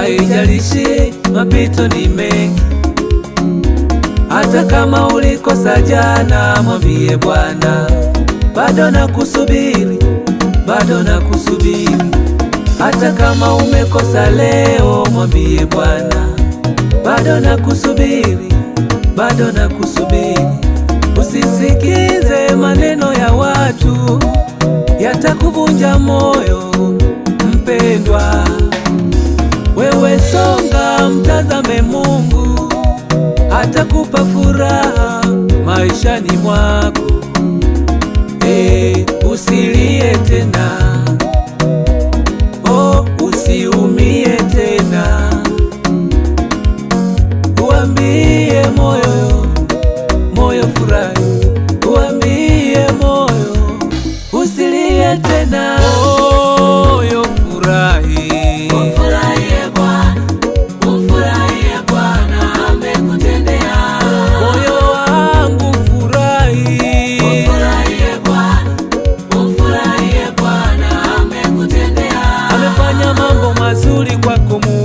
haijalishi mapito ni mengi, hata kama ulikosa jana, mwambie Bwana, bado nakusubiri, bado nakusubiri. Hata kama umekosa leo, mwambie Bwana, bado nakusubiri, bado nakusubiri. Usisikize maneno ya watu, yatakuvunja moyo mpendwa mtazame Mungu, atakupa furaha maishani mwako. E, usilie tena, oh, usiumie tena, uambie moyo, moyo furahi mazuri kwako Mungu.